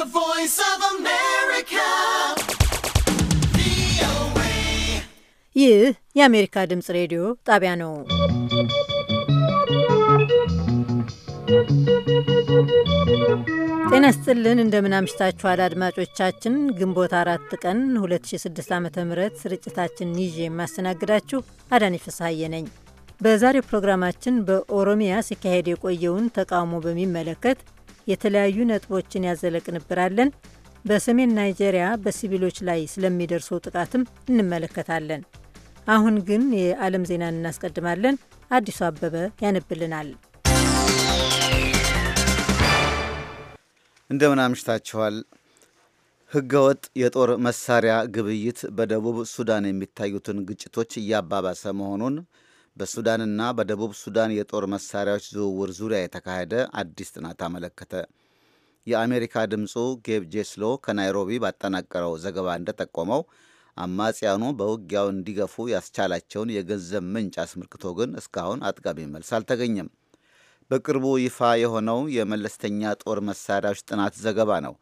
The voice of America. ይህ የአሜሪካ ድምፅ ሬዲዮ ጣቢያ ነው። ጤና ስጥልን እንደምን አምሽታችኋል አድማጮቻችን። ግንቦት አራት ቀን 2006 ዓ ም ስርጭታችን ይዤ የማስተናግዳችሁ አዳኒ ፍስሐዬ ነኝ። በዛሬው ፕሮግራማችን በኦሮሚያ ሲካሄድ የቆየውን ተቃውሞ በሚመለከት የተለያዩ ነጥቦችን ያዘለ ቅንብር አለን። በሰሜን ናይጄሪያ በሲቪሎች ላይ ስለሚደርሰው ጥቃትም እንመለከታለን። አሁን ግን የዓለም ዜናን እናስቀድማለን። አዲሱ አበበ ያነብልናል። እንደምን አምሽታችኋል። ህገወጥ የጦር መሳሪያ ግብይት በደቡብ ሱዳን የሚታዩትን ግጭቶች እያባባሰ መሆኑን በሱዳንና በደቡብ ሱዳን የጦር መሳሪያዎች ዝውውር ዙሪያ የተካሄደ አዲስ ጥናት አመለከተ። የአሜሪካ ድምፁ ጌብ ጄስሎ ከናይሮቢ ባጠናቀረው ዘገባ እንደጠቆመው አማጽያኑ በውጊያው እንዲገፉ ያስቻላቸውን የገንዘብ ምንጭ አስመልክቶ ግን እስካሁን አጥጋቢ መልስ አልተገኘም። በቅርቡ ይፋ የሆነው የመለስተኛ ጦር መሳሪያዎች ጥናት ዘገባ ነው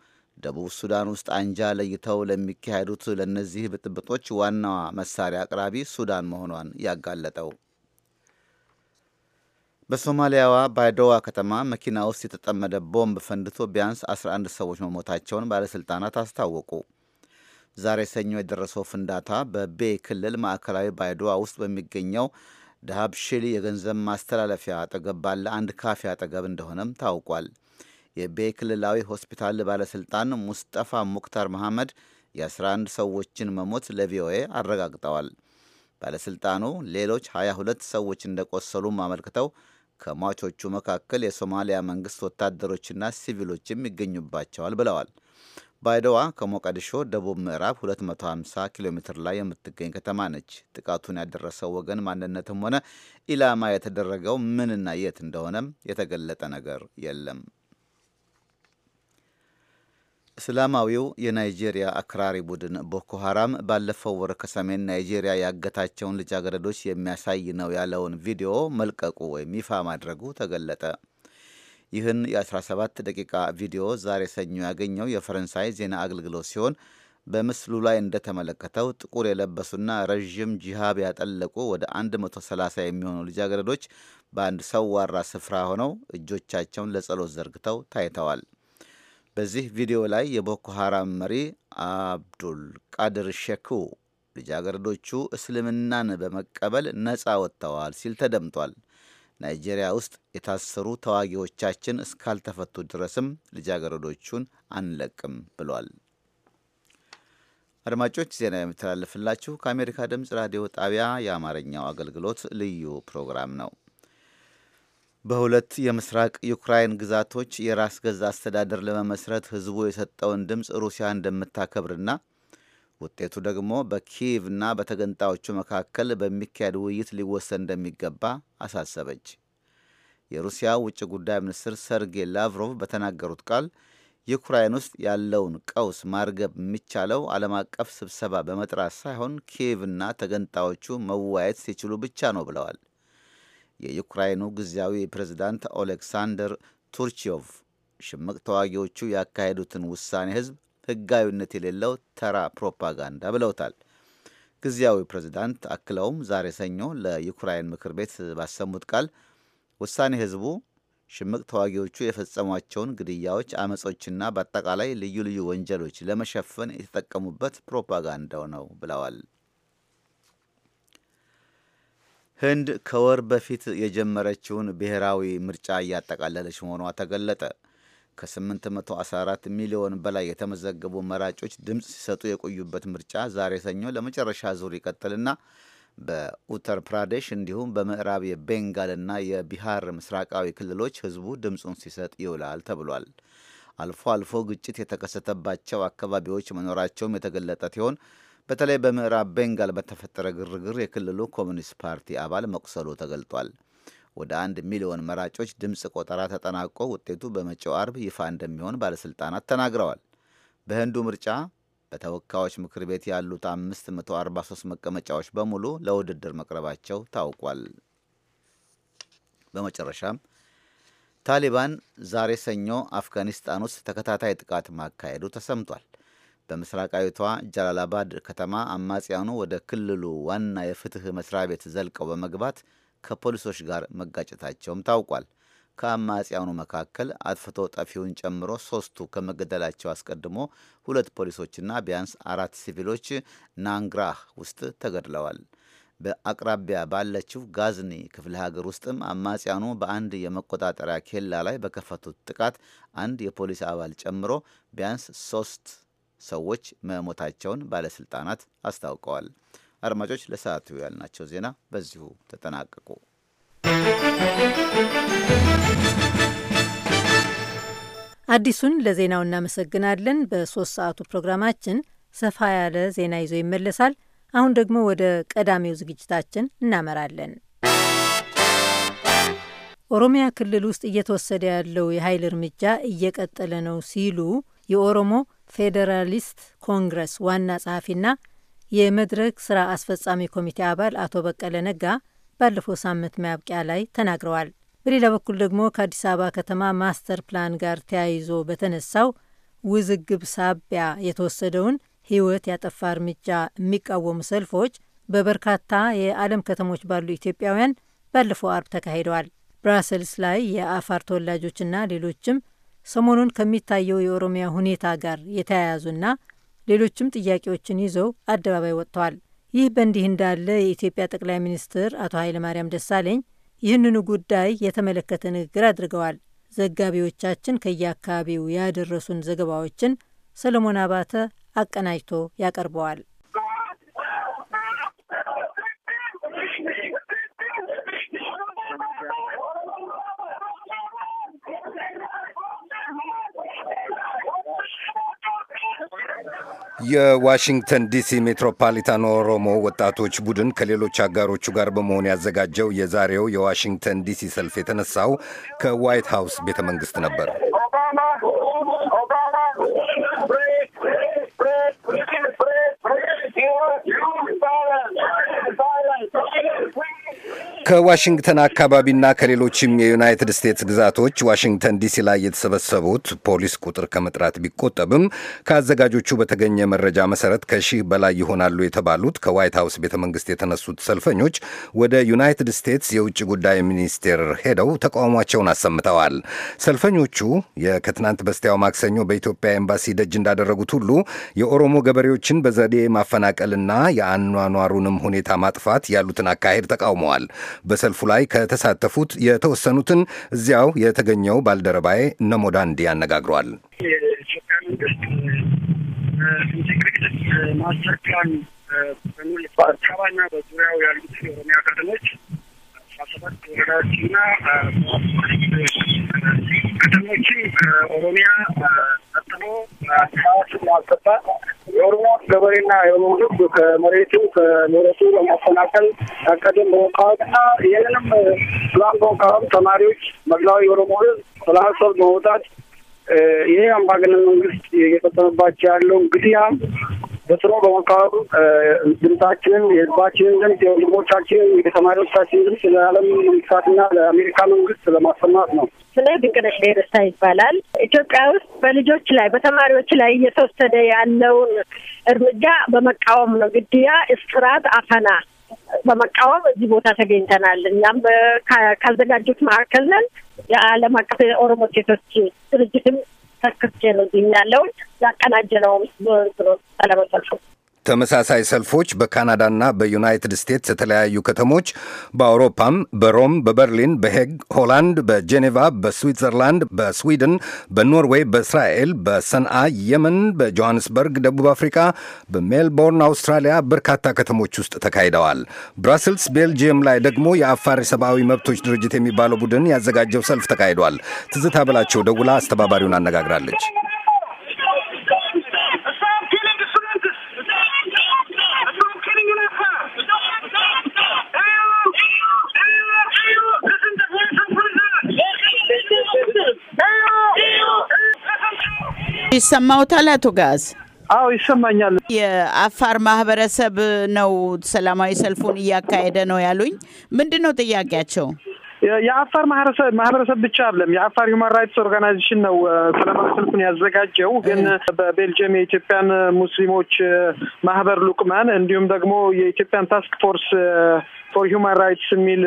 ደቡብ ሱዳን ውስጥ አንጃ ለይተው ለሚካሄዱት ለእነዚህ ብጥብጦች ዋናዋ መሳሪያ አቅራቢ ሱዳን መሆኗን ያጋለጠው። በሶማሊያዋ ባይዶዋ ከተማ መኪና ውስጥ የተጠመደ ቦምብ ፈንድቶ ቢያንስ 11 ሰዎች መሞታቸውን ባለሥልጣናት አስታወቁ። ዛሬ ሰኞ የደረሰው ፍንዳታ በቤ ክልል ማዕከላዊ ባይዶዋ ውስጥ በሚገኘው ዳሃብሺሊ የገንዘብ ማስተላለፊያ አጠገብ ባለ አንድ ካፌ አጠገብ እንደሆነም ታውቋል። የቤ ክልላዊ ሆስፒታል ባለሥልጣን ሙስጠፋ ሙክታር መሐመድ የ11 ሰዎችን መሞት ለቪኦኤ አረጋግጠዋል። ባለሥልጣኑ ሌሎች 22 ሰዎች እንደቆሰሉም አመልክተው ከሟቾቹ መካከል የሶማሊያ መንግስት ወታደሮችና ሲቪሎችም ይገኙባቸዋል ብለዋል። ባይደዋ ከሞቃዲሾ ደቡብ ምዕራብ 250 ኪሎ ሜትር ላይ የምትገኝ ከተማ ነች። ጥቃቱን ያደረሰው ወገን ማንነትም ሆነ ኢላማ የተደረገው ምንና የት እንደሆነም የተገለጠ ነገር የለም። እስላማዊው የናይጄሪያ አክራሪ ቡድን ቦኮ ሃራም ባለፈው ወር ከሰሜን ናይጄሪያ ያገታቸውን ልጃገረዶች የሚያሳይ ነው ያለውን ቪዲዮ መልቀቁ ወይም ይፋ ማድረጉ ተገለጠ። ይህን የ17 ደቂቃ ቪዲዮ ዛሬ ሰኞ ያገኘው የፈረንሳይ ዜና አገልግሎት ሲሆን በምስሉ ላይ እንደተመለከተው ጥቁር የለበሱና ረዥም ጂሃብ ያጠለቁ ወደ 130 የሚሆኑ ልጃገረዶች በአንድ ሰዋራ ስፍራ ሆነው እጆቻቸውን ለጸሎት ዘርግተው ታይተዋል። በዚህ ቪዲዮ ላይ የቦኮ ሐራም መሪ አብዱል ቃድር ሼኩ ልጃገረዶቹ እስልምናን በመቀበል ነፃ ወጥተዋል ሲል ተደምጧል። ናይጄሪያ ውስጥ የታሰሩ ተዋጊዎቻችን እስካልተፈቱ ድረስም ልጃገረዶቹን አንለቅም ብሏል። አድማጮች ዜና የሚተላለፍላችሁ ከአሜሪካ ድምፅ ራዲዮ ጣቢያ የአማርኛው አገልግሎት ልዩ ፕሮግራም ነው። በሁለት የምስራቅ ዩክራይን ግዛቶች የራስ ገዛ አስተዳደር ለመመስረት ህዝቡ የሰጠውን ድምፅ ሩሲያ እንደምታከብርና ውጤቱ ደግሞ በኪየቭና በተገንጣዮቹ መካከል በሚካሄድ ውይይት ሊወሰን እንደሚገባ አሳሰበች። የሩሲያ ውጭ ጉዳይ ሚኒስትር ሰርጌይ ላቭሮቭ በተናገሩት ቃል ዩክራይን ውስጥ ያለውን ቀውስ ማርገብ የሚቻለው ዓለም አቀፍ ስብሰባ በመጥራት ሳይሆን ኪየቭና ተገንጣዮቹ መወያየት ሲችሉ ብቻ ነው ብለዋል። የዩክራይኑ ጊዜያዊ ፕሬዝዳንት ኦሌክሳንደር ቱርቺዮቭ ሽምቅ ተዋጊዎቹ ያካሄዱትን ውሳኔ ህዝብ ህጋዊነት የሌለው ተራ ፕሮፓጋንዳ ብለውታል። ጊዜያዊ ፕሬዝዳንት አክለውም ዛሬ ሰኞ ለዩክራይን ምክር ቤት ባሰሙት ቃል ውሳኔ ህዝቡ ሽምቅ ተዋጊዎቹ የፈጸሟቸውን ግድያዎች፣ አመጾችና በአጠቃላይ ልዩ ልዩ ወንጀሎች ለመሸፈን የተጠቀሙበት ፕሮፓጋንዳው ነው ብለዋል። ህንድ ከወር በፊት የጀመረችውን ብሔራዊ ምርጫ እያጠቃለለች መሆኗ ተገለጠ። ከ814 ሚሊዮን በላይ የተመዘገቡ መራጮች ድምፅ ሲሰጡ የቆዩበት ምርጫ ዛሬ ሰኞ ለመጨረሻ ዙር ይቀጥልና በኡተር ፕራዴሽ እንዲሁም በምዕራብ የቤንጋልና የቢሃር ምስራቃዊ ክልሎች ህዝቡ ድምፁን ሲሰጥ ይውላል ተብሏል። አልፎ አልፎ ግጭት የተከሰተባቸው አካባቢዎች መኖራቸውም የተገለጠ ሲሆን በተለይ በምዕራብ ቤንጋል በተፈጠረ ግርግር የክልሉ ኮሚኒስት ፓርቲ አባል መቁሰሉ ተገልጧል። ወደ አንድ ሚሊዮን መራጮች ድምፅ ቆጠራ ተጠናቆ ውጤቱ በመጪው አርብ ይፋ እንደሚሆን ባለሥልጣናት ተናግረዋል። በህንዱ ምርጫ በተወካዮች ምክር ቤት ያሉት 543 መቀመጫዎች በሙሉ ለውድድር መቅረባቸው ታውቋል። በመጨረሻም ታሊባን ዛሬ ሰኞ አፍጋኒስታን ውስጥ ተከታታይ ጥቃት ማካሄዱ ተሰምቷል። በምስራቃዊቷ ጃላላባድ ከተማ አማጽያኑ ወደ ክልሉ ዋና የፍትህ መስሪያ ቤት ዘልቀው በመግባት ከፖሊሶች ጋር መጋጨታቸውም ታውቋል። ከአማጽያኑ መካከል አጥፍቶ ጠፊውን ጨምሮ ሶስቱ ከመገደላቸው አስቀድሞ ሁለት ፖሊሶችና ቢያንስ አራት ሲቪሎች ናንግራህ ውስጥ ተገድለዋል። በአቅራቢያ ባለችው ጋዝኒ ክፍለ ሀገር ውስጥም አማጽያኑ በአንድ የመቆጣጠሪያ ኬላ ላይ በከፈቱት ጥቃት አንድ የፖሊስ አባል ጨምሮ ቢያንስ ሶስት ሰዎች መሞታቸውን ባለስልጣናት አስታውቀዋል። አድማጮች፣ ለሰዓቱ ያልናቸው ዜና በዚሁ ተጠናቀቁ። አዲሱን ለዜናው እናመሰግናለን። በሶስት ሰዓቱ ፕሮግራማችን ሰፋ ያለ ዜና ይዞ ይመለሳል። አሁን ደግሞ ወደ ቀዳሚው ዝግጅታችን እናመራለን። ኦሮሚያ ክልል ውስጥ እየተወሰደ ያለው የኃይል እርምጃ እየቀጠለ ነው ሲሉ የኦሮሞ ፌዴራሊስት ኮንግረስ ዋና ጸሐፊና የመድረክ ስራ አስፈጻሚ ኮሚቴ አባል አቶ በቀለ ነጋ ባለፈው ሳምንት ማብቂያ ላይ ተናግረዋል። በሌላ በኩል ደግሞ ከአዲስ አበባ ከተማ ማስተር ፕላን ጋር ተያይዞ በተነሳው ውዝግብ ሳቢያ የተወሰደውን ሕይወት ያጠፋ እርምጃ የሚቃወሙ ሰልፎች በበርካታ የዓለም ከተሞች ባሉ ኢትዮጵያውያን ባለፈው አርብ ተካሂደዋል። ብራሰልስ ላይ የአፋር ተወላጆችና ሌሎችም ሰሞኑን ከሚታየው የኦሮሚያ ሁኔታ ጋር የተያያዙና ሌሎችም ጥያቄዎችን ይዘው አደባባይ ወጥተዋል። ይህ በእንዲህ እንዳለ የኢትዮጵያ ጠቅላይ ሚኒስትር አቶ ኃይለማርያም ደሳለኝ ይህንኑ ጉዳይ የተመለከተ ንግግር አድርገዋል። ዘጋቢዎቻችን ከየአካባቢው ያደረሱን ዘገባዎችን ሰለሞን አባተ አቀናጅቶ ያቀርበዋል። የዋሽንግተን ዲሲ ሜትሮፓሊታን ኦሮሞ ወጣቶች ቡድን ከሌሎች አጋሮቹ ጋር በመሆን ያዘጋጀው የዛሬው የዋሽንግተን ዲሲ ሰልፍ የተነሳው ከዋይት ሀውስ ቤተ መንግስት ነበር። ከዋሽንግተን አካባቢና ከሌሎችም የዩናይትድ ስቴትስ ግዛቶች ዋሽንግተን ዲሲ ላይ የተሰበሰቡት ፖሊስ ቁጥር ከመጥራት ቢቆጠብም ከአዘጋጆቹ በተገኘ መረጃ መሰረት ከሺህ በላይ ይሆናሉ የተባሉት ከዋይት ሀውስ ቤተ መንግስት የተነሱት ሰልፈኞች ወደ ዩናይትድ ስቴትስ የውጭ ጉዳይ ሚኒስቴር ሄደው ተቃውሟቸውን አሰምተዋል። ሰልፈኞቹ የከትናንት በስቲያው ማክሰኞ በኢትዮጵያ ኤምባሲ ደጅ እንዳደረጉት ሁሉ የኦሮሞ ገበሬዎችን በዘዴ ማፈናቀልና የአኗኗሩንም ሁኔታ ማጥፋት ያሉትን አካሄድ ተቃውመዋል። በሰልፉ ላይ ከተሳተፉት የተወሰኑትን እዚያው የተገኘው ባልደረባዬ ነሞዳንዲ ያነጋግሯል። የኢትዮጵያ መንግስት ኢንቴግሬትድ ማስተር በዙሪያው ያሉት የኦሮሚያ ከተሞች አስራ ሰባት ወረዳዎችና ከተሞችን ከኦሮሚያ ቀጥሎ አዲስአበባችን ማስገባ የኦሮሞ ገበሬና የኦሮሞ ሕዝብ ከመሬቱ ከመሬቱ ለማፈናቀል ታቀደም በወቃዎትና ይህንንም ፕላን በወቃወም ተማሪዎች፣ መላው የኦሮሞ ሕዝብ ሰላማዊ ሰልፍ ይሄ አምባገነን መንግስት እየፈጸመባቸው ያለው ግድያም በስሮ በመካወሉ ድምጻችንን የህዝባችንን ድምፅ የወንድሞቻችንን የተማሪዎቻችንን ድምፅ ለዓለም መንግስታትና ለአሜሪካ መንግስት ለማሰማት ነው። ስለ ድንቅነሽ ደስታ ይባላል። ኢትዮጵያ ውስጥ በልጆች ላይ በተማሪዎች ላይ እየተወሰደ ያለውን እርምጃ በመቃወም ነው። ግድያ፣ እስራት፣ አፈና በመቃወም እዚህ ቦታ ተገኝተናል። እኛም ካዘጋጁት መካከል ነን። የዓለም አቀፍ ኦሮሞ ሴቶች ድርጅትም ተክቼ ነው ያለውን ያቀናጀ ነው ብሎ ለመሰልፈው ተመሳሳይ ሰልፎች በካናዳና በዩናይትድ ስቴትስ የተለያዩ ከተሞች በአውሮፓም በሮም፣ በበርሊን፣ በሄግ፣ ሆላንድ፣ በጄኔቫ፣ በስዊትዘርላንድ፣ በስዊድን፣ በኖርዌይ፣ በእስራኤል፣ በሰንአ የመን፣ በጆሃንስበርግ ደቡብ አፍሪካ፣ በሜልቦርን አውስትራሊያ በርካታ ከተሞች ውስጥ ተካሂደዋል። ብራስልስ ቤልጅየም ላይ ደግሞ የአፋር ሰብአዊ መብቶች ድርጅት የሚባለው ቡድን ያዘጋጀው ሰልፍ ተካሂዷል። ትዝታ ብላቸው ደውላ አስተባባሪውን አነጋግራለች። ይሰማውታል አቶ ጋዝ? አዎ ይሰማኛል። የአፋር ማህበረሰብ ነው ሰላማዊ ሰልፉን እያካሄደ ነው ያሉኝ። ምንድን ነው ጥያቄያቸው? የአፋር ማህበረሰብ ብቻ አይደለም። የአፋር ሁማን ራይትስ ኦርጋናይዜሽን ነው ሰላማዊ ሰልፉን ያዘጋጀው። ግን በቤልጅየም የኢትዮጵያን ሙስሊሞች ማህበር ሉቅማን እንዲሁም ደግሞ የኢትዮጵያን ታስክ ፎርስ ፎር ሁማን ራይትስ የሚል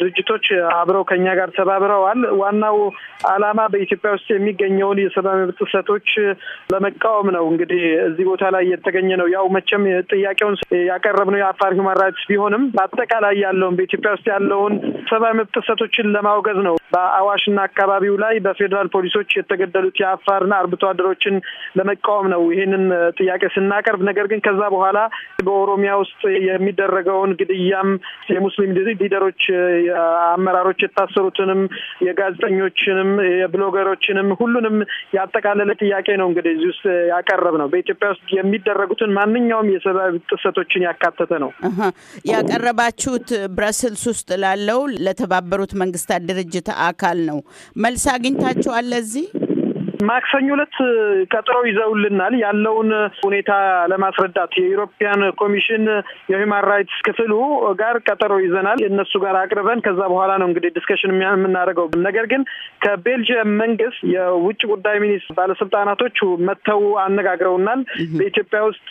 ድርጅቶች አብረው ከኛ ጋር ተባብረዋል። ዋናው ዓላማ በኢትዮጵያ ውስጥ የሚገኘውን የሰብአዊ መብት ጥሰቶች ለመቃወም ነው። እንግዲህ እዚህ ቦታ ላይ የተገኘ ነው። ያው መቼም ጥያቄውን ያቀረብነው የአፋር ሁማን ራይትስ ቢሆንም በአጠቃላይ ያለውን በኢትዮጵያ ውስጥ ያለውን ሰብአዊ መብት ጥሰቶችን ለማውገዝ ነው። በአዋሽና አካባቢው ላይ በፌዴራል ፖሊሶች የተገደሉት የአፋርና አርብቶ አደሮችን ለመቃወም ነው ይህንን ጥያቄ ስናቀርብ። ነገር ግን ከዛ በኋላ በኦሮሚያ ውስጥ የሚደረገውን ግድያ በዚያም የሙስሊም ሊደሮች አመራሮች የታሰሩትንም የጋዜጠኞችንም የብሎገሮችንም ሁሉንም ያጠቃለለ ጥያቄ ነው እንግዲህ እዚህ ውስጥ ያቀረብ ነው። በኢትዮጵያ ውስጥ የሚደረጉትን ማንኛውም የሰብአዊ ጥሰቶችን ያካተተ ነው ያቀረባችሁት። ብረስልስ ውስጥ ላለው ለተባበሩት መንግስታት ድርጅት አካል ነው መልስ አግኝታችኋል ለዚህ ማክሰኞ ዕለት ቀጥሮ ይዘውልናል። ያለውን ሁኔታ ለማስረዳት የኢሮፒያን ኮሚሽን የሂውማን ራይትስ ክፍሉ ጋር ቀጠሮ ይዘናል። እነሱ ጋር አቅርበን ከዛ በኋላ ነው እንግዲህ ዲስከሽን የምናደርገው። ነገር ግን ከቤልጅየም መንግስት የውጭ ጉዳይ ሚኒስትር ባለስልጣናቶች መጥተው አነጋግረውናል። በኢትዮጵያ ውስጥ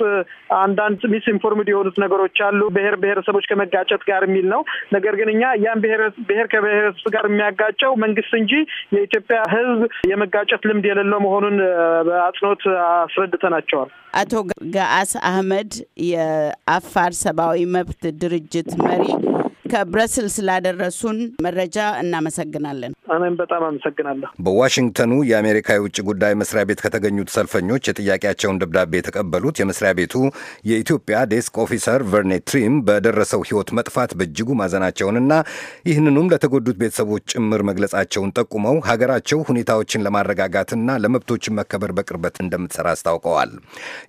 አንዳንድ ሚስ ኢንፎርምድ የሆኑት ነገሮች አሉ፣ ብሔር ብሔረሰቦች ከመጋጨት ጋር የሚል ነው። ነገር ግን እኛ ያን ብሔር ከብሔረሰብ ጋር የሚያጋጨው መንግስት እንጂ የኢትዮጵያ ህዝብ የመጋጨት ልምድ የሌለ መሆኑን በአጽንኦት አስረድተናቸዋል። አቶ ገአስ አህመድ የአፋር ሰብአዊ መብት ድርጅት መሪ ከብረስልስ ስላደረሱን መረጃ እናመሰግናለን። እኔም በጣም አመሰግናለሁ። በዋሽንግተኑ የአሜሪካ የውጭ ጉዳይ መስሪያ ቤት ከተገኙት ሰልፈኞች የጥያቄያቸውን ደብዳቤ የተቀበሉት የመስሪያ ቤቱ የኢትዮጵያ ዴስክ ኦፊሰር ቨርኔ ትሪም በደረሰው ሕይወት መጥፋት በእጅጉ ማዘናቸውንና ይህንኑም ለተጎዱት ቤተሰቦች ጭምር መግለጻቸውን ጠቁመው ሀገራቸው ሁኔታዎችን ለማረጋጋትና ለመብቶችን መከበር በቅርበት እንደምትሰራ አስታውቀዋል።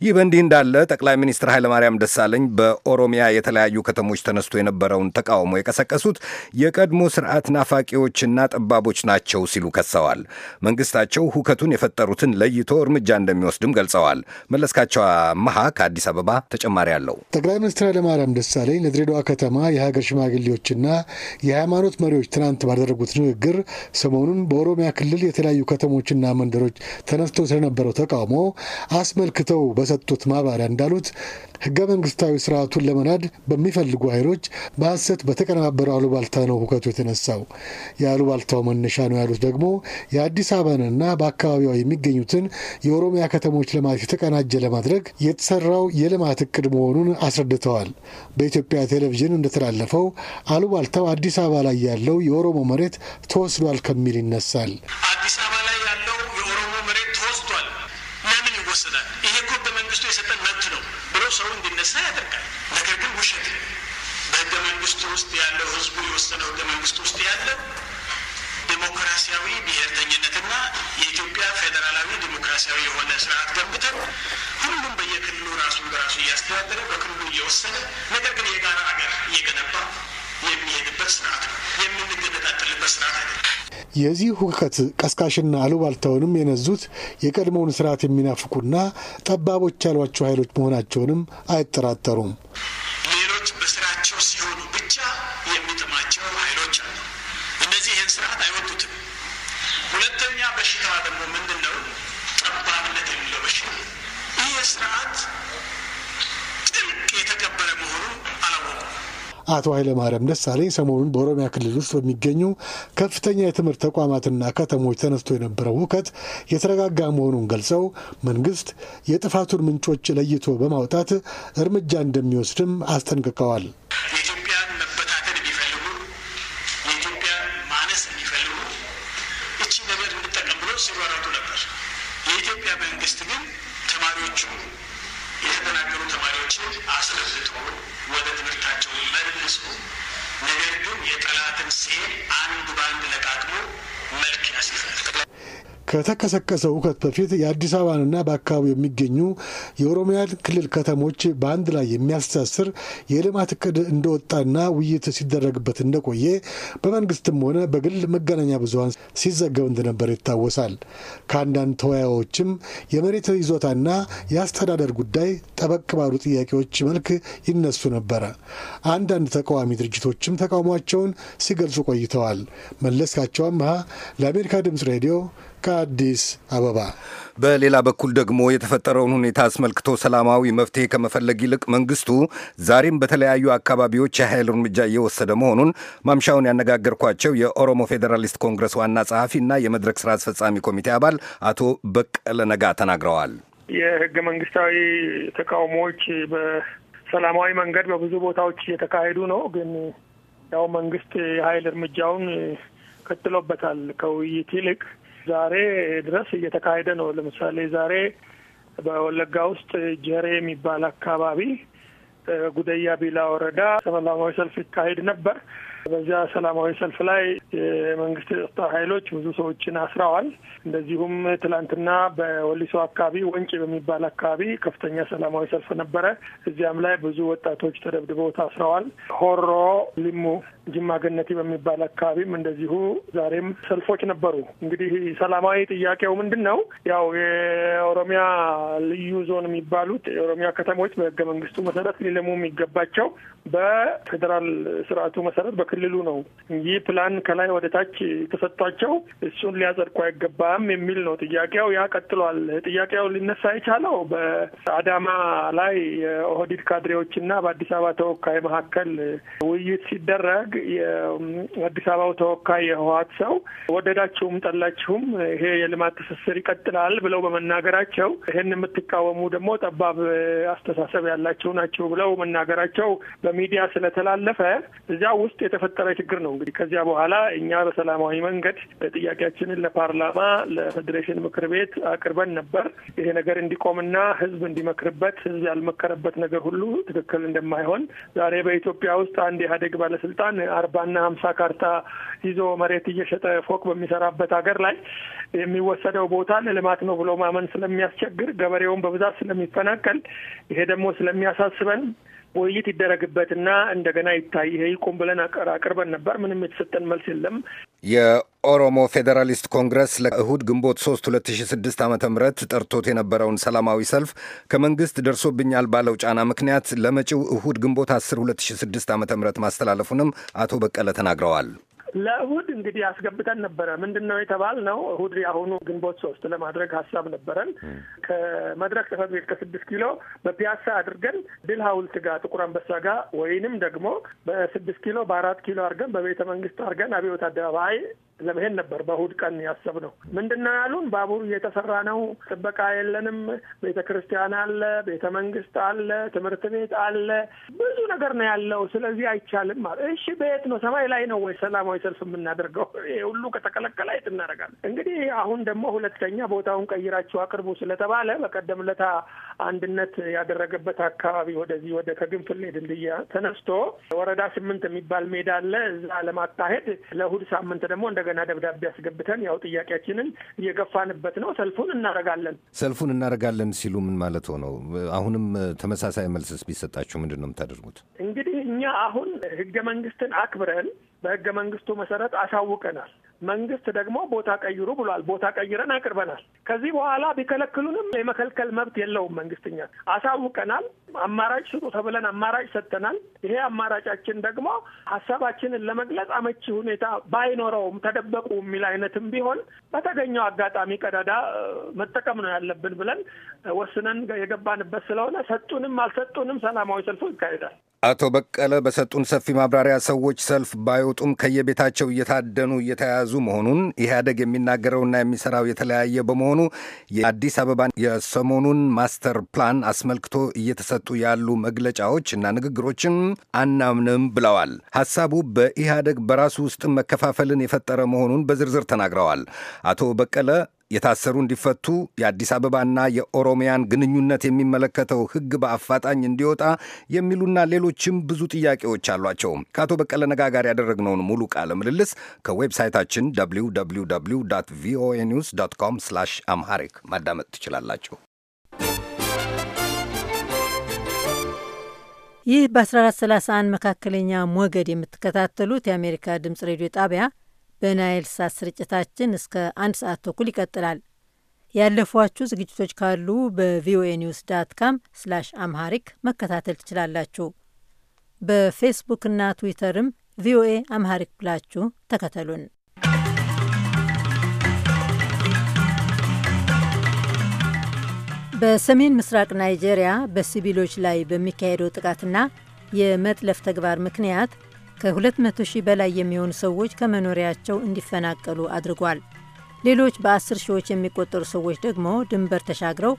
ይህ በእንዲህ እንዳለ ጠቅላይ ሚኒስትር ኃይለማርያም ደሳለኝ በኦሮሚያ የተለያዩ ከተሞች ተነስቶ የነበረውን ተቃውሞ ተቃውሞ የቀሰቀሱት የቀድሞ ስርዓት ናፋቂዎችና ጠባቦች ናቸው ሲሉ ከሰዋል። መንግስታቸው ሁከቱን የፈጠሩትን ለይቶ እርምጃ እንደሚወስድም ገልጸዋል። መለስካቸው አመሃ ከአዲስ አበባ ተጨማሪ አለው። ጠቅላይ ሚኒስትር ኃይለማርያም ደሳለኝ ለድሬዳዋ ከተማ የሀገር ሽማግሌዎችና የሃይማኖት መሪዎች ትናንት ባደረጉት ንግግር ሰሞኑን በኦሮሚያ ክልል የተለያዩ ከተሞችና መንደሮች ተነስቶ ስለነበረው ተቃውሞ አስመልክተው በሰጡት ማብራሪያ እንዳሉት ህገ መንግስታዊ ስርዓቱን ለመናድ በሚፈልጉ ኃይሎች በሐሰት በተ በተቀነባበረ አሉባልታ ነው ሁከቱ የተነሳው። የአሉባልታው መነሻ ነው ያሉት ደግሞ የአዲስ አበባንና በአካባቢዋ የሚገኙትን የኦሮሚያ ከተሞች ልማት የተቀናጀ ለማድረግ የተሰራው የልማት እቅድ መሆኑን አስረድተዋል። በኢትዮጵያ ቴሌቪዥን እንደተላለፈው አሉባልታው አዲስ አበባ ላይ ያለው የኦሮሞ መሬት ተወስዷል ከሚል ይነሳል። ያለው ህዝቡ የወሰነው ህገ መንግስት ውስጥ ያለ ዲሞክራሲያዊ ብሔርተኝነትና የኢትዮጵያ ፌዴራላዊ ዲሞክራሲያዊ የሆነ ስርዓት ገንብተን ሁሉም በየክልሉ ራሱን በራሱ እያስተዳደረ በክልሉ እየወሰነ ነገር ግን የጋራ ሀገር እየገነባ የሚሄድበት ስርዓት ነው። የምንገነጣጥልበት ስርዓት አይደለም። የዚህ ሁከት ቀስቃሽና አሉባልታውንም የነዙት የቀድሞውን ስርዓት የሚናፍቁና ጠባቦች ያሏቸው ኃይሎች መሆናቸውንም አይጠራጠሩም። አቶ ኃይለማርያም ደሳለኝ ሰሞኑን በኦሮሚያ ክልል ውስጥ በሚገኙ ከፍተኛ የትምህርት ተቋማትና ከተሞች ተነስቶ የነበረው ሁከት የተረጋጋ መሆኑን ገልጸው መንግስት የጥፋቱን ምንጮች ለይቶ በማውጣት እርምጃ እንደሚወስድም አስጠንቅቀዋል። ከተከሰከሰው ሁከት በፊት የአዲስ አበባንና በአካባቢው የሚገኙ የኦሮሚያን ክልል ከተሞች በአንድ ላይ የሚያስተሳስር የልማት እቅድ እንደወጣና ውይይት ሲደረግበት እንደቆየ በመንግስትም ሆነ በግል መገናኛ ብዙሀን ሲዘገብ እንደነበር ይታወሳል። ከአንዳንድ ተወያዮችም የመሬት ይዞታና የአስተዳደር ጉዳይ ጠበቅ ባሉ ጥያቄዎች መልክ ይነሱ ነበረ። አንዳንድ ተቃዋሚ ድርጅቶችም ተቃውሟቸውን ሲገልጹ ቆይተዋል። መለስካቸው አምሃ ለአሜሪካ ድምፅ ሬዲዮ ከአዲስ አበባ። በሌላ በኩል ደግሞ የተፈጠረውን ሁኔታ አስመልክቶ ሰላማዊ መፍትሄ ከመፈለግ ይልቅ መንግስቱ ዛሬም በተለያዩ አካባቢዎች የኃይል እርምጃ እየወሰደ መሆኑን ማምሻውን ያነጋገርኳቸው የኦሮሞ ፌዴራሊስት ኮንግረስ ዋና ጸሐፊ እና የመድረክ ስራ አስፈጻሚ ኮሚቴ አባል አቶ በቀለ ነጋ ተናግረዋል። የህገ መንግስታዊ ተቃውሞዎች በሰላማዊ መንገድ በብዙ ቦታዎች እየተካሄዱ ነው። ግን ያው መንግስት የኃይል እርምጃውን ቀጥሎበታል ከውይይት ይልቅ ዛሬ ድረስ እየተካሄደ ነው። ለምሳሌ ዛሬ በወለጋ ውስጥ ጀሬ የሚባል አካባቢ ጉደያ ቢላ ወረዳ ሰላማዊ ሰልፍ ይካሄድ ነበር። በዚያ ሰላማዊ ሰልፍ ላይ የመንግስት ጸጥታ ኃይሎች ብዙ ሰዎችን አስረዋል። እንደዚሁም ትላንትና በወሊሶ አካባቢ ወንጭ በሚባል አካባቢ ከፍተኛ ሰላማዊ ሰልፍ ነበረ። እዚያም ላይ ብዙ ወጣቶች ተደብድበው ታስረዋል። ሆሮ ሊሙ፣ ጅማ ገነቲ በሚባል አካባቢም እንደዚሁ ዛሬም ሰልፎች ነበሩ። እንግዲህ ሰላማዊ ጥያቄው ምንድን ነው? ያው የኦሮሚያ ልዩ ዞን የሚባሉት የኦሮሚያ ከተሞች በህገ መንግስቱ መሰረት ሊለሙ የሚገባቸው በፌዴራል ስርዓቱ መሰረት በክልሉ ነው። ይህ ፕላን ከላይ ከላይ ወደ ታች ተሰጥቷቸው እሱን ሊያጸድቁ አይገባም የሚል ነው ጥያቄው። ያ ቀጥሏል። ጥያቄው ሊነሳ የቻለው በአዳማ ላይ የኦህዲድ ካድሬዎችና በአዲስ አበባ ተወካይ መካከል ውይይት ሲደረግ የአዲስ አበባው ተወካይ የህወሓት ሰው ወደዳችሁም ጠላችሁም ይሄ የልማት ትስስር ይቀጥላል ብለው በመናገራቸው ይህን የምትቃወሙ ደግሞ ጠባብ አስተሳሰብ ያላችሁ ናችሁ ብለው መናገራቸው በሚዲያ ስለተላለፈ እዚያ ውስጥ የተፈጠረ ችግር ነው። እንግዲህ ከዚያ በኋላ እኛ በሰላማዊ መንገድ ጥያቄያችንን ለፓርላማ ለፌዴሬሽን ምክር ቤት አቅርበን ነበር። ይሄ ነገር እንዲቆምና ህዝብ እንዲመክርበት ህዝብ ያልመከረበት ነገር ሁሉ ትክክል እንደማይሆን ዛሬ በኢትዮጵያ ውስጥ አንድ ኢህአዴግ ባለስልጣን አርባና ሀምሳ ካርታ ይዞ መሬት እየሸጠ ፎቅ በሚሰራበት ሀገር ላይ የሚወሰደው ቦታ ለልማት ነው ብሎ ማመን ስለሚያስቸግር ገበሬውን በብዛት ስለሚፈናቀል ይሄ ደግሞ ስለሚያሳስበን ውይይት ይደረግበትና እንደገና ይታይ ይሄ ይቁም ብለን አቅርበን ነበር። ምንም የተሰጠን መልስ የለም። የኦሮሞ ፌዴራሊስት ኮንግረስ ለእሁድ ግንቦት 3 2006 ዓ ም ጠርቶት የነበረውን ሰላማዊ ሰልፍ ከመንግስት ደርሶብኛል ባለው ጫና ምክንያት ለመጪው እሁድ ግንቦት 10 2006 ዓ ም ማስተላለፉንም አቶ በቀለ ተናግረዋል። ለእሁድ እንግዲህ አስገብተን ነበረ። ምንድን ነው የተባል ነው እሁድ የአሁኑ ግንቦት ሶስት ለማድረግ ሀሳብ ነበረን። ከመድረክ ጽሕፈት ቤት ከስድስት ኪሎ በፒያሳ አድርገን ድል ሀውልት ጋር ጥቁር አንበሳ ጋር ወይንም ደግሞ በስድስት ኪሎ በአራት ኪሎ አድርገን በቤተ መንግስት አድርገን አብዮት አደባባይ ለመሄድ ነበር በእሁድ ቀን ነው። ምንድነው ያሉን፣ ባቡር እየተሰራ ነው፣ ጥበቃ የለንም፣ ቤተ ክርስቲያን አለ፣ ቤተ መንግስት አለ፣ ትምህርት ቤት አለ፣ ብዙ ነገር ነው ያለው። ስለዚህ አይቻልም። እሺ በየት ነው ሰማይ ላይ ነው ወይ ሰላማዊ ሰልፍ የምናደርገው ይሄ ሁሉ ከተከለከለ የት እናደርጋለን? እንግዲህ አሁን ደግሞ ሁለተኛ ቦታውን ቀይራችሁ አቅርቡ ስለተባለ በቀደም ለታ አንድነት ያደረገበት አካባቢ ወደዚህ ወደ ከግንፍሌ ድልድያ ተነስቶ ወረዳ ስምንት የሚባል ሜዳ አለ። እዛ ለማካሄድ ለእሁድ ሳምንት ደግሞ እንደገና ደብዳቤ አስገብተን ያው ጥያቄያችንን እየገፋንበት ነው። ሰልፉን እናደርጋለን ሰልፉን እናደርጋለን ሲሉ ምን ማለት ነው? አሁንም ተመሳሳይ መልስስ ቢሰጣችሁ ምንድን ነው የምታደርጉት? እንግዲህ እኛ አሁን ህገ መንግስትን አክብረን በህገ መንግስቱ መሰረት አሳውቀናል። መንግስት ደግሞ ቦታ ቀይሩ ብሏል። ቦታ ቀይረን አቅርበናል። ከዚህ በኋላ ቢከለክሉንም የመከልከል መብት የለውም መንግስትኛ አሳውቀናል። አማራጭ ስጡ ተብለን አማራጭ ሰጥተናል። ይሄ አማራጫችን ደግሞ ሀሳባችንን ለመግለጽ አመቺ ሁኔታ ባይኖረውም ተደበቁ የሚል አይነትም ቢሆን በተገኘው አጋጣሚ ቀዳዳ መጠቀም ነው ያለብን ብለን ወስነን የገባንበት ስለሆነ ሰጡንም አልሰጡንም ሰላማዊ ሰልፎ ይካሄዳል። አቶ በቀለ በሰጡን ሰፊ ማብራሪያ ሰዎች ሰልፍ ባይወጡም ከየቤታቸው እየታደኑ እየተያያዙ መሆኑን ኢህአደግ የሚናገረውና የሚሰራው የተለያየ በመሆኑ የአዲስ አበባን የሰሞኑን ማስተር ፕላን አስመልክቶ እየተሰጡ ያሉ መግለጫዎች እና ንግግሮችን አናምንም ብለዋል። ሀሳቡ በኢህአደግ በራሱ ውስጥ መከፋፈልን የፈጠረ መሆኑን በዝርዝር ተናግረዋል። አቶ በቀለ የታሰሩ እንዲፈቱ የአዲስ አበባና የኦሮሚያን ግንኙነት የሚመለከተው ሕግ በአፋጣኝ እንዲወጣ የሚሉና ሌሎችም ብዙ ጥያቄዎች አሏቸው። ከአቶ በቀለ ነጋ ጋር ያደረግነውን ሙሉ ቃለ ምልልስ ከዌብሳይታችን www ቪኦኤ ኒውስ ዶት ኮም ስላሽ አምሃሪክ ማዳመጥ ትችላላችሁ። ይህ በ1431 መካከለኛ ሞገድ የምትከታተሉት የአሜሪካ ድምፅ ሬዲዮ ጣቢያ በናይል ሳት ስርጭታችን እስከ አንድ ሰዓት ተኩል ይቀጥላል። ያለፏችሁ ዝግጅቶች ካሉ በቪኦኤ ኒውስ ዳት ካም ስላሽ አምሃሪክ መከታተል ትችላላችሁ። በፌስቡክና ትዊተርም ቪኦኤ አምሃሪክ ብላችሁ ተከተሉን። በሰሜን ምስራቅ ናይጄሪያ በሲቪሎች ላይ በሚካሄደው ጥቃትና የመጥለፍ ተግባር ምክንያት ከ200 ሺህ በላይ የሚሆኑ ሰዎች ከመኖሪያቸው እንዲፈናቀሉ አድርጓል። ሌሎች በአስር ሺዎች የሚቆጠሩ ሰዎች ደግሞ ድንበር ተሻግረው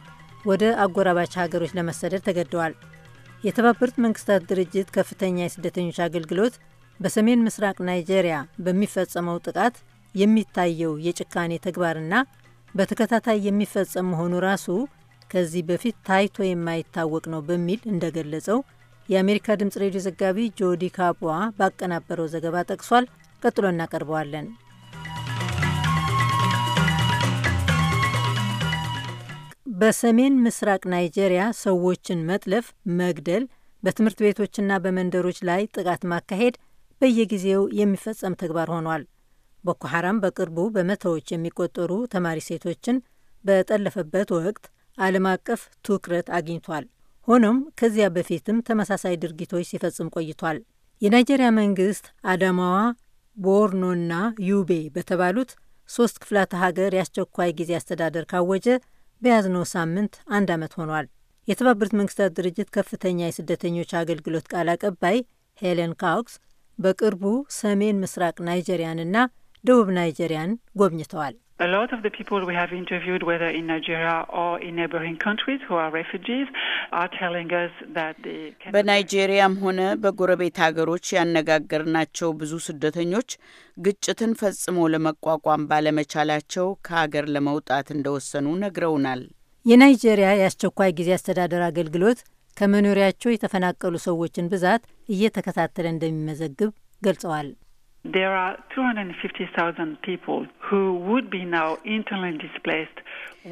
ወደ አጎራባች ሀገሮች ለመሰደድ ተገደዋል። የተባበሩት መንግስታት ድርጅት ከፍተኛ የስደተኞች አገልግሎት በሰሜን ምስራቅ ናይጄሪያ በሚፈጸመው ጥቃት የሚታየው የጭካኔ ተግባርና በተከታታይ የሚፈጸም መሆኑ ራሱ ከዚህ በፊት ታይቶ የማይታወቅ ነው በሚል እንደገለጸው የአሜሪካ ድምጽ ሬዲዮ ዘጋቢ ጆዲ ካቧ ባቀናበረው ዘገባ ጠቅሷል። ቀጥሎ እናቀርበዋለን። በሰሜን ምስራቅ ናይጄሪያ ሰዎችን መጥለፍ፣ መግደል፣ በትምህርት ቤቶችና በመንደሮች ላይ ጥቃት ማካሄድ በየጊዜው የሚፈጸም ተግባር ሆኗል። ቦኮ ሐራም በቅርቡ በመቶዎች የሚቆጠሩ ተማሪ ሴቶችን በጠለፈበት ወቅት ዓለም አቀፍ ትኩረት አግኝቷል። ሆኖም ከዚያ በፊትም ተመሳሳይ ድርጊቶች ሲፈጽም ቆይቷል። የናይጄሪያ መንግስት አዳማዋ፣ ቦርኖና ዩቤ በተባሉት ሶስት ክፍላተ ሀገር የአስቸኳይ ጊዜ አስተዳደር ካወጀ በያዝነው ሳምንት አንድ ዓመት ሆኗል። የተባበሩት መንግስታት ድርጅት ከፍተኛ የስደተኞች አገልግሎት ቃል አቀባይ ሄለን ካውክስ በቅርቡ ሰሜን ምስራቅ ናይጄሪያንና ደቡብ ናይጄሪያን ጎብኝተዋል። A lot of the people we have interviewed, whether in Nigeria or in neighboring countries who are refugees, are telling us that they can... በናይጄሪያም ሆነ በጎረቤት ሀገሮች ያነጋገርናቸው ብዙ ስደተኞች ግጭትን ፈጽሞ ለመቋቋም ባለመቻላቸው ከሀገር ለመውጣት እንደወሰኑ ነግረውናል። የናይጄሪያ የአስቸኳይ ጊዜ አስተዳደር አገልግሎት ከመኖሪያቸው የተፈናቀሉ ሰዎችን ብዛት እየተከታተለ እንደሚመዘግብ ገልጸዋል። there are 250,000 people who would be now internally displaced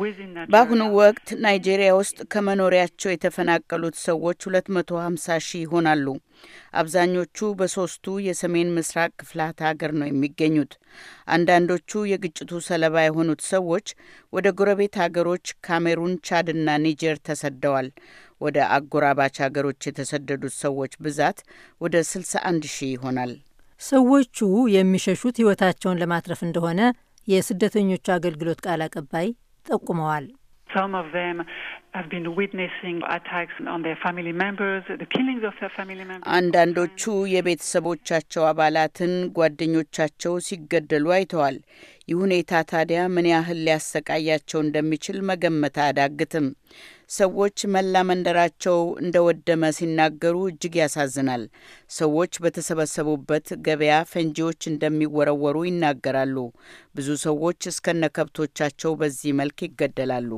within Nigeria. በአሁኑ ወቅት ናይጄሪያ ውስጥ ከመኖሪያቸው የተፈናቀሉት ሰዎች 250 ሺህ ይሆናሉ። አብዛኞቹ በሶስቱ የሰሜን ምስራቅ ክፍላት ሀገር ነው የሚገኙት። አንዳንዶቹ የግጭቱ ሰለባ የሆኑት ሰዎች ወደ ጎረቤት ሀገሮች ካሜሩን፣ ቻድና ኒጀር ተሰደዋል። ወደ አጎራባች ሀገሮች የተሰደዱት ሰዎች ብዛት ወደ 61 ሺህ ይሆናል። ሰዎቹ የሚሸሹት ሕይወታቸውን ለማትረፍ እንደሆነ የስደተኞቹ አገልግሎት ቃል አቀባይ ጠቁመዋል። አንዳንዶቹ የቤተሰቦቻቸው አባላትን፣ ጓደኞቻቸው ሲገደሉ አይተዋል። ይህ ሁኔታ ታዲያ ምን ያህል ሊያሰቃያቸው እንደሚችል መገመት አያዳግትም። ሰዎች መላ መንደራቸው እንደወደመ ሲናገሩ እጅግ ያሳዝናል። ሰዎች በተሰበሰቡበት ገበያ ፈንጂዎች እንደሚወረወሩ ይናገራሉ። ብዙ ሰዎች እስከነ ከብቶቻቸው በዚህ መልክ ይገደላሉ።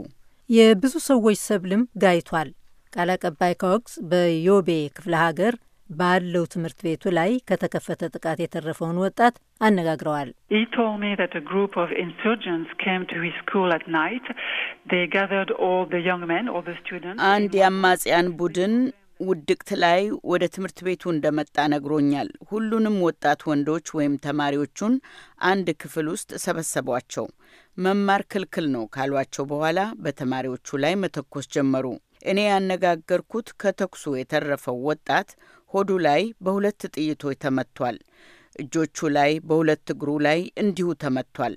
የብዙ ሰዎች ሰብልም ጋይቷል። ቃል አቀባይ ከወቅስ በዮቤ ክፍለ ሀገር ባለው ትምህርት ቤቱ ላይ ከተከፈተ ጥቃት የተረፈውን ወጣት አነጋግረዋል። አንድ የአማጽያን ቡድን ውድቅት ላይ ወደ ትምህርት ቤቱ እንደመጣ ነግሮኛል። ሁሉንም ወጣት ወንዶች ወይም ተማሪዎቹን አንድ ክፍል ውስጥ ሰበሰቧቸው። መማር ክልክል ነው ካሏቸው በኋላ በተማሪዎቹ ላይ መተኮስ ጀመሩ። እኔ ያነጋገርኩት ከተኩሱ የተረፈው ወጣት ሆዱ ላይ በሁለት ጥይቶች ተመቷል። እጆቹ ላይ በሁለት እግሩ ላይ እንዲሁ ተመቷል።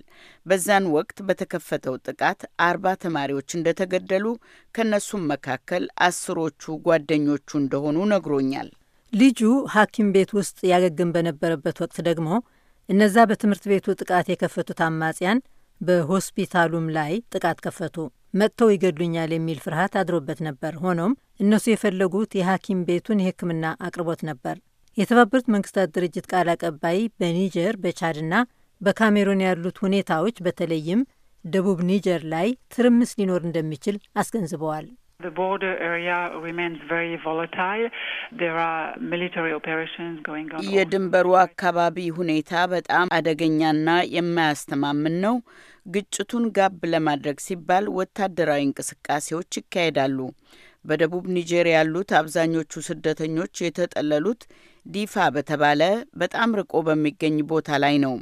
በዛን ወቅት በተከፈተው ጥቃት አርባ ተማሪዎች እንደተገደሉ ከእነሱም መካከል አስሮቹ ጓደኞቹ እንደሆኑ ነግሮኛል። ልጁ ሐኪም ቤት ውስጥ ያገግም በነበረበት ወቅት ደግሞ እነዛ በትምህርት ቤቱ ጥቃት የከፈቱት አማጽያን በሆስፒታሉም ላይ ጥቃት ከፈቱ። መጥተው ይገድሉኛል የሚል ፍርሃት አድሮበት ነበር። ሆኖም እነሱ የፈለጉት የሐኪም ቤቱን የሕክምና አቅርቦት ነበር። የተባበሩት መንግስታት ድርጅት ቃል አቀባይ በኒጀር በቻድና በካሜሩን ያሉት ሁኔታዎች በተለይም ደቡብ ኒጀር ላይ ትርምስ ሊኖር እንደሚችል አስገንዝበዋል። The border area remains very volatile. There are military operations going on. የድንበሩ አካባቢ ሁኔታ በጣም አደገኛና የማያስተማምን ነው። ግጭቱን ጋብ ለማድረግ ሲባል ወታደራዊ እንቅስቃሴዎች ይካሄዳሉ። በደቡብ ኒጀር ያሉት አብዛኞቹ ስደተኞች የተጠለሉት ዲፋ በተባለ በጣም ርቆ በሚገኝ ቦታ ላይ ነው።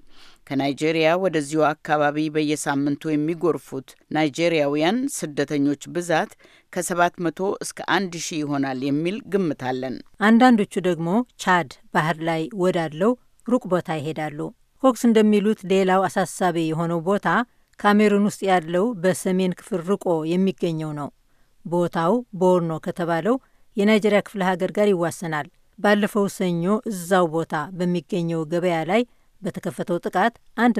ከናይጄሪያ ወደዚሁ አካባቢ በየሳምንቱ የሚጎርፉት ናይጄሪያውያን ስደተኞች ብዛት ከ700 እስከ 1000 ይሆናል የሚል ግምት አለን። አንዳንዶቹ ደግሞ ቻድ ባህር ላይ ወዳለው ሩቅ ቦታ ይሄዳሉ። ኮክስ እንደሚሉት ሌላው አሳሳቢ የሆነው ቦታ ካሜሩን ውስጥ ያለው በሰሜን ክፍል ርቆ የሚገኘው ነው። ቦታው ቦርኖ ከተባለው የናይጄሪያ ክፍለ ሀገር ጋር ይዋሰናል። ባለፈው ሰኞ እዛው ቦታ በሚገኘው ገበያ ላይ በተከፈተው ጥቃት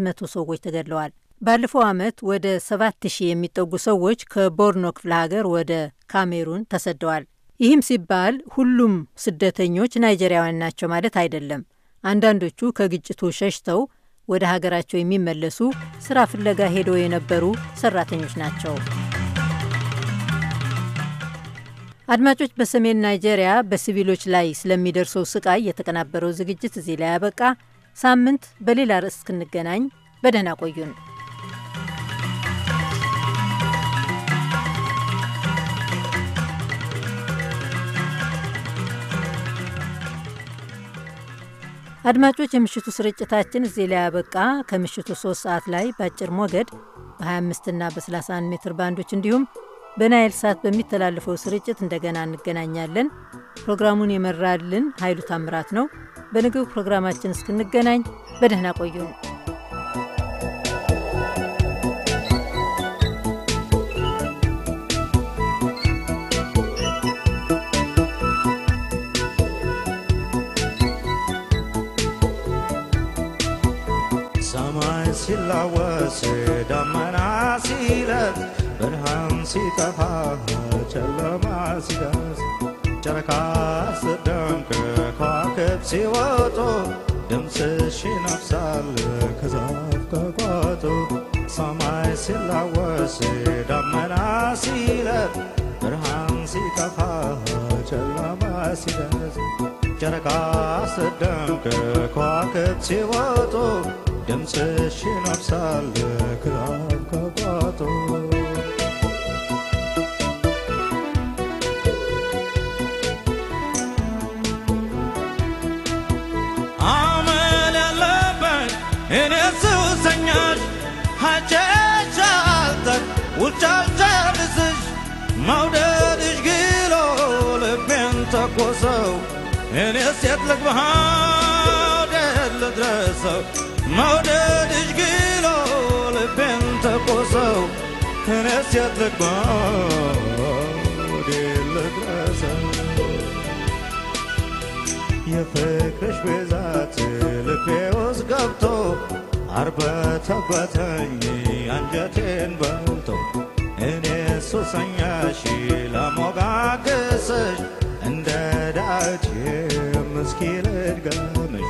100 ሰዎች ተገድለዋል። ባለፈው ዓመት ወደ 7000 የሚጠጉ ሰዎች ከቦርኖ ክፍለ ሀገር ወደ ካሜሩን ተሰደዋል። ይህም ሲባል ሁሉም ስደተኞች ናይጀሪያውያን ናቸው ማለት አይደለም። አንዳንዶቹ ከግጭቱ ሸሽተው ወደ ሀገራቸው የሚመለሱ ስራ ፍለጋ ሄደው የነበሩ ሰራተኞች ናቸው። አድማጮች፣ በሰሜን ናይጄሪያ በሲቪሎች ላይ ስለሚደርሰው ስቃይ የተቀናበረው ዝግጅት እዚህ ላይ ያበቃ። ሳምንት በሌላ ርዕስ እስክንገናኝ በደህና ቆዩን። አድማጮች፣ የምሽቱ ስርጭታችን እዚህ ላይ ያበቃ። ከምሽቱ 3 ሰዓት ላይ በአጭር ሞገድ በ25 እና በ31 ሜትር ባንዶች እንዲሁም በናይል ሳት በሚተላለፈው ስርጭት እንደገና እንገናኛለን። ፕሮግራሙን የመራልን ኃይሉ ታምራት ነው። በንግብ ፕሮግራማችን እስክንገናኝ በደህና ቆዩ። ሰማይ ሲላወስ ደመና ሲለት ብርሃን ሲጠፋ ጨለማ ሲደርስ ጨረቃ ስደምቅ ከዋክብት ሲወጡ ድምፅሽ ይነፍሳል ከዛፍ ከቋጡ ሰማይ ሲላወስ ደመና ሲለጥ ብርሃን ሲጠፋ ጨለማ ሲደርስ ጨረቃ ስደምቅ ከዋክብት ሲወጡ ድምፅሽ ይነፍሳል ከዛፍ ከቋጡ ውጫጫ ልስሽ መውደድሽ ግሎ ልቤን ተቆሰው እኔ ሴት መውደድሽ ግሎ ልቤን እኔ ሴት የፍቅርሽ ብዛት ልቤ ውስጥ ገብቶ አርበተበተኝ አንጀቴን በ ሰጥተው እኔ ሱሰኛሽ ለሞጋገሰሽ እንደ ዳእቴ ምስኪ ልድገምሽ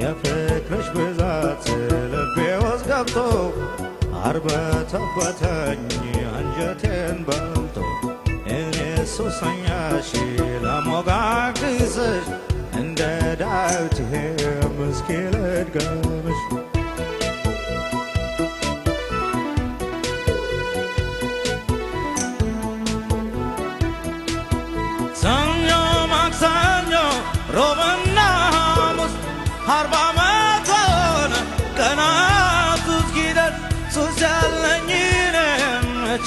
የፍቅርሽ ብዛት ልቤ ውስጥ ገብቶ አርበተበተኝ አንጀቴን በልቶ እኔ ሱሰኛሽ ለሞጋገሰሽ እንደ ዳእቴ ምስኪ ልድገምሽ